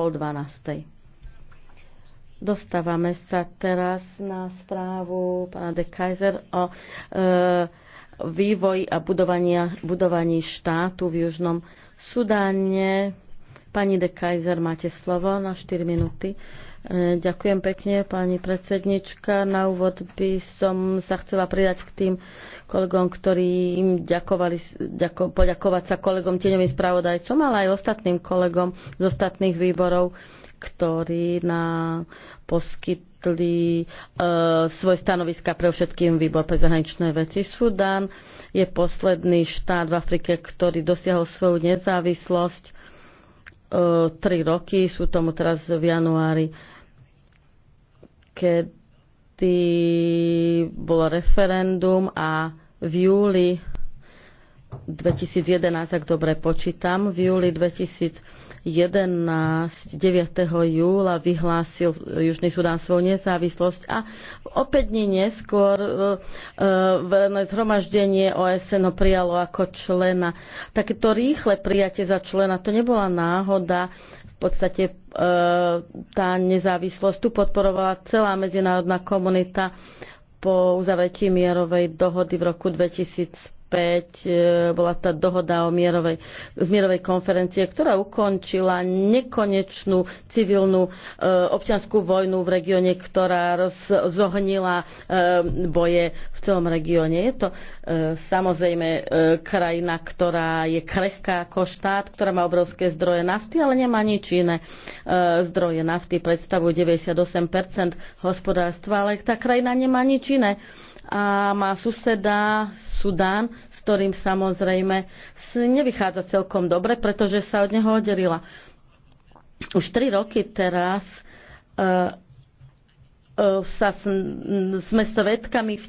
pol dvanástej. Dostávame sa teraz na správu pána de Kaiser o e, vývoji a budovania, budovaní štátu v Južnom Sudáne. Pani de Kaiser, máte slovo na 4 minúty. E, ďakujem pekne, pani predsednička. Na úvod by som sa chcela pridať k tým kolegom, ktorí im ďakovali, ďako, poďakovať sa kolegom, tieňovým spravodajcom, ale aj ostatným kolegom z ostatných výborov, ktorí nám poskytli e, svoje stanoviska pre všetkým výbor pre zahraničné veci. Sudán je posledný štát v Afrike, ktorý dosiahol svoju nezávislosť E, tri roky, sú tomu teraz v januári, kedy bolo referendum a v júli 2011, ak dobre počítam, v júli 2011 11. 9. júla vyhlásil Južný Sudán svoju nezávislosť a opäť dní neskôr e, e zhromaždenie OSN ho prijalo ako člena. Takéto rýchle prijatie za člena, to nebola náhoda. V podstate e, tá nezávislosť tu podporovala celá medzinárodná komunita po uzavretí mierovej dohody v roku 2005 E, bola tá dohoda o mierovej, z mierovej konferencie, ktorá ukončila nekonečnú civilnú e, občianskú vojnu v regióne, ktorá rozohnila e, boje v celom regióne. Je to e, samozrejme e, krajina, ktorá je krehká ako štát, ktorá má obrovské zdroje nafty, ale nemá nič iné. E, zdroje nafty predstavujú 98 hospodárstva, ale tá krajina nemá nič iné. E, a má suseda Sudán, s ktorým samozrejme nevychádza celkom dobre, pretože sa od neho oddelila. Už tri roky teraz e, E, sa sme svedkami e,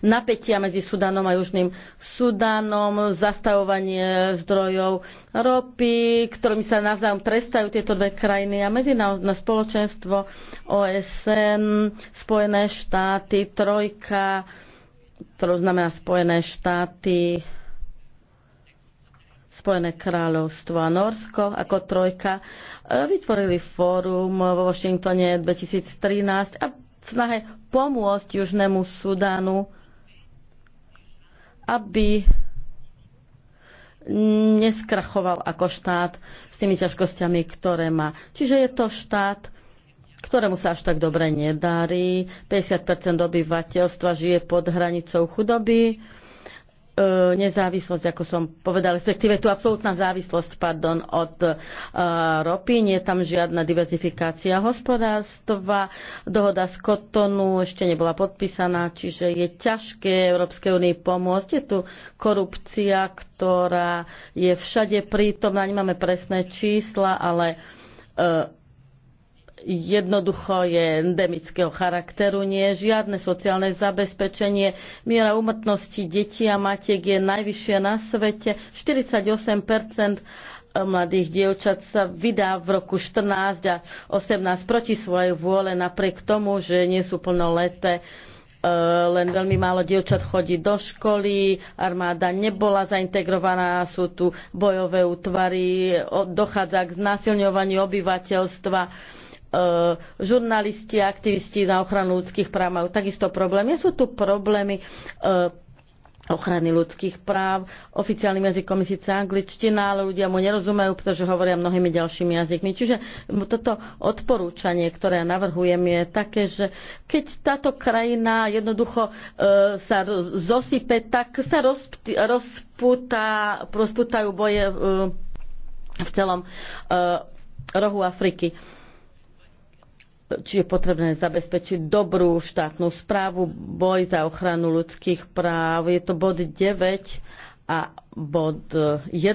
napätia medzi Sudanom a Južným Sudanom, zastavovanie zdrojov ropy, ktorými sa navzájom trestajú tieto dve krajiny a medzinárodné spoločenstvo OSN, Spojené štáty, Trojka, to znamená Spojené štáty, Spojené kráľovstvo a Norsko ako trojka e, vytvorili fórum vo Washingtone 2013 a snahe pomôcť Južnému Sudánu, aby neskrachoval ako štát s tými ťažkosťami, ktoré má. Čiže je to štát, ktorému sa až tak dobre nedarí. 50 obyvateľstva žije pod hranicou chudoby E, nezávislosť, ako som povedal, respektíve tu absolútna závislosť pardon, od e, ropy, nie je tam žiadna diverzifikácia hospodárstva, dohoda z Kotonu ešte nebola podpísaná, čiže je ťažké Európskej únii pomôcť. Je tu korupcia, ktorá je všade prítomná, nemáme presné čísla, ale e, jednoducho je endemického charakteru, nie je žiadne sociálne zabezpečenie. Miera umrtnosti detí a matiek je najvyššia na svete. 48 mladých dievčat sa vydá v roku 14 a 18 proti svojej vôle napriek tomu, že nie sú plnoleté e, len veľmi málo dievčat chodí do školy, armáda nebola zaintegrovaná, sú tu bojové útvary, dochádza k znásilňovaniu obyvateľstva E, žurnalisti a aktivisti na ochranu ľudských práv majú takisto problémy. sú tu problémy e, ochrany ľudských práv. Oficiálnym jazykom je síce angličtina, ale ľudia mu nerozumejú, pretože hovoria mnohými ďalšími jazykmi. Čiže toto odporúčanie, ktoré ja navrhujem, je také, že keď táto krajina jednoducho e, sa zosype, tak sa rozputá, rozputá, rozputajú boje e, v celom e, rohu Afriky. E, Čiže je potrebné zabezpečiť dobrú štátnu správu, boj za ochranu ľudských práv. Je to bod 9 a bod 11 e,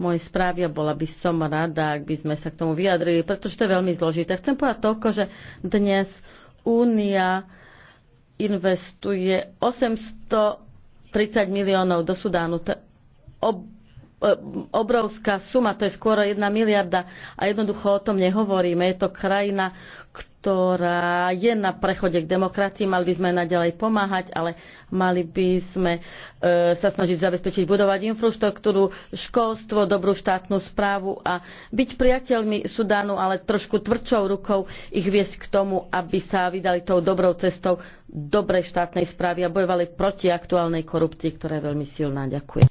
mojej správy a bola by som rada, ak by sme sa k tomu vyjadrili, pretože to je veľmi zložité. Chcem povedať toľko, že dnes Únia investuje 830 miliónov do Sudánu. To je ob- E, obrovská suma, to je skoro jedna miliarda a jednoducho o tom nehovoríme. Je to krajina, ktorá je na prechode k demokracii, mali by sme naďalej pomáhať, ale mali by sme e, sa snažiť zabezpečiť budovať infraštruktúru, školstvo, dobrú štátnu správu a byť priateľmi Sudánu, ale trošku tvrdšou rukou ich viesť k tomu, aby sa vydali tou dobrou cestou dobrej štátnej správy a bojovali proti aktuálnej korupcii, ktorá je veľmi silná. Ďakujem.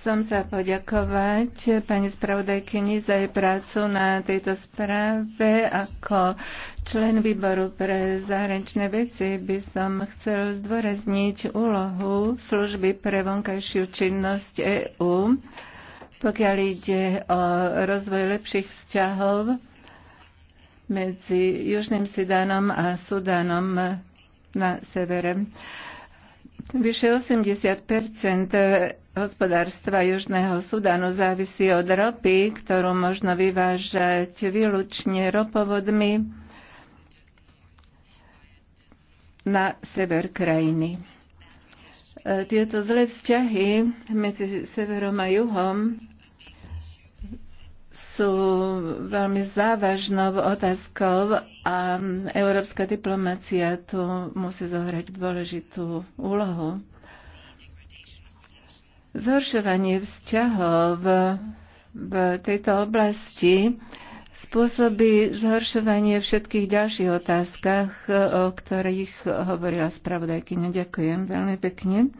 Chcem sa poďakovať pani spravodajkyni za jej prácu na tejto správe. Ako člen výboru pre zahraničné veci by som chcel zdôrazniť úlohu služby pre vonkajšiu činnosť EÚ, pokiaľ ide o rozvoj lepších vzťahov medzi Južným Sudánom a Sudánom na severe. Vyše 80 hospodárstva Južného Sudanu závisí od ropy, ktorú možno vyvážať výlučne ropovodmi na sever krajiny. Tieto zlé vzťahy medzi severom a juhom sú veľmi závažnou otázkou a európska diplomácia tu musí zohrať dôležitú úlohu. Zhoršovanie vzťahov v tejto oblasti spôsobí zhoršovanie všetkých ďalších otázkach, o ktorých hovorila spravodajkyňa. Ďakujem veľmi pekne.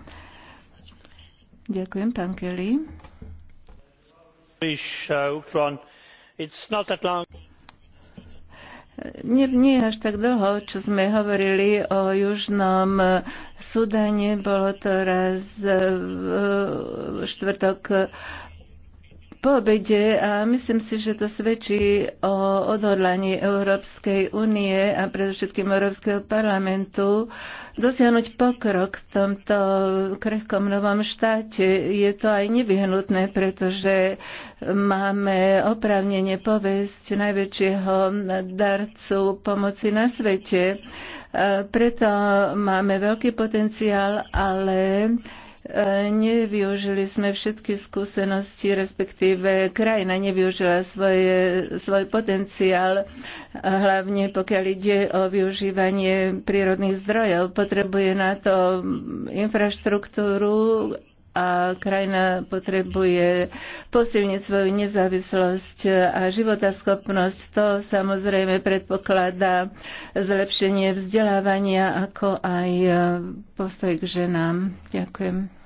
Ďakujem, pán Kelly. Nie, nie až tak dlho, čo sme hovorili o Južnom Sudane, bolo to raz v štvrtok po obede a myslím si, že to svedčí o odhodlaní Európskej únie a predovšetkým Európskeho parlamentu dosiahnuť pokrok v tomto krehkom novom štáte. Je to aj nevyhnutné, pretože máme oprávnenie povesť najväčšieho darcu pomoci na svete. Preto máme veľký potenciál, ale E, nevyužili sme všetky skúsenosti, respektíve krajina nevyužila svoje, svoj potenciál, e, hlavne pokiaľ ide o využívanie prírodných zdrojov. Potrebuje na to infraštruktúru a krajina potrebuje posilniť svoju nezávislosť a životaschopnosť. To samozrejme predpokladá zlepšenie vzdelávania, ako aj postoj k ženám. Ďakujem.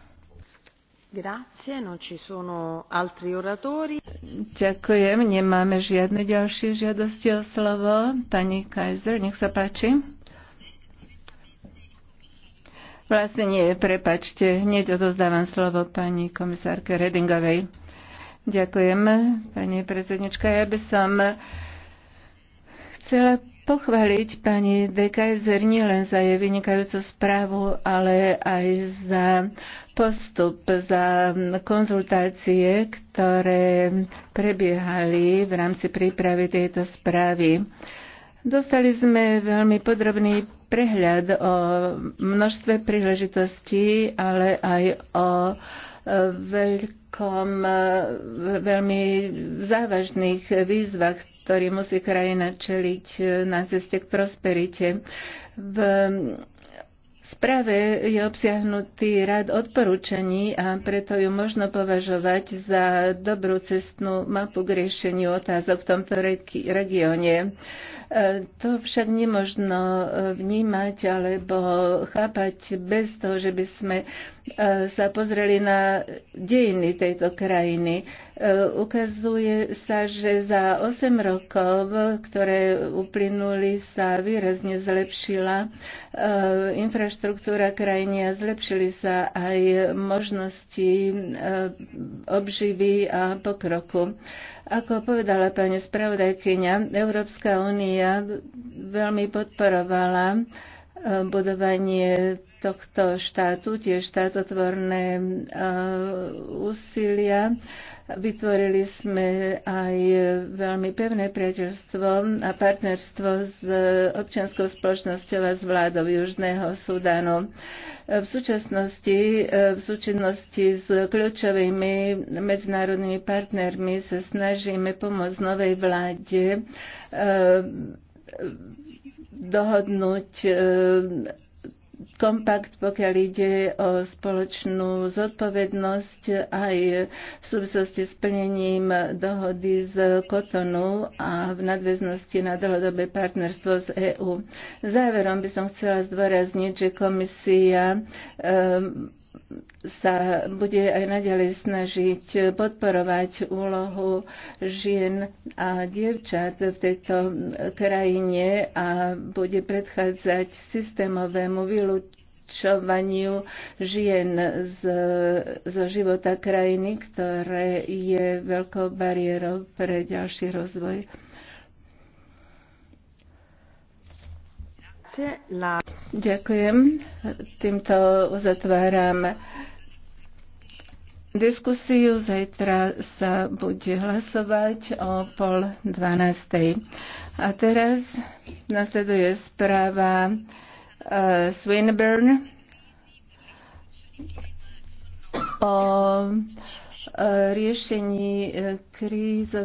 Ďakujem, nemáme žiadne ďalšie žiadosti o slovo. Pani Kaiser, nech sa páči. Vlastne nie, prepačte, hneď odozdávam slovo pani komisárke Redingovej. Ďakujem, pani predsednička. Ja by som chcela pochváliť pani Dekajzer nielen za jej vynikajúcu správu, ale aj za postup, za konzultácie, ktoré prebiehali v rámci prípravy tejto správy. Dostali sme veľmi podrobný prehľad o množstve príležitostí, ale aj o veľkom, eh, veľmi závažných výzvach, ktorý musí krajina čeliť eh, na ceste k prosperite. V správe je obsiahnutý rad odporúčaní a preto ju možno považovať za dobrú cestnú mapu k riešeniu otázok v tomto regióne. E, to však nemožno e, vnímať alebo chápať bez toho, že by sme e, sa pozreli na dejiny tejto krajiny. Ukazuje sa, že za 8 rokov, ktoré uplynuli, sa výrazne zlepšila infraštruktúra krajiny a zlepšili sa aj možnosti obživy a pokroku. Ako povedala pani spravodajkyňa, Európska únia únia veľmi podporovala eh, budovanie tohto štátu, tie štátotvorné eh, úsilia Vytvorili sme aj veľmi pevné priateľstvo a partnerstvo s občianskou spoločnosťou a s vládou Južného Sudánu. V súčasnosti, v súčinnosti s kľúčovými medzinárodnými partnermi sa snažíme pomôcť novej vláde eh, dohodnúť eh, kompakt, pokiaľ ide o spoločnú zodpovednosť aj v súvislosti s plnením dohody z Kotonu a v nadväznosti na dlhodobé partnerstvo z EÚ. Záverom by som chcela zdôrazniť, že komisia ehm, sa bude aj naďalej snažiť podporovať úlohu žien a dievčat v tejto krajine a bude predchádzať systémovému vývoju vylúčovaniu žien z, zo života krajiny, ktoré je veľkou bariérou pre ďalší rozvoj. Ďakujem. Týmto uzatváram diskusiu. Zajtra sa bude hlasovať o pol dvanástej. A teraz nasleduje správa Uh, Swinburne o uh, riešení uh, kríz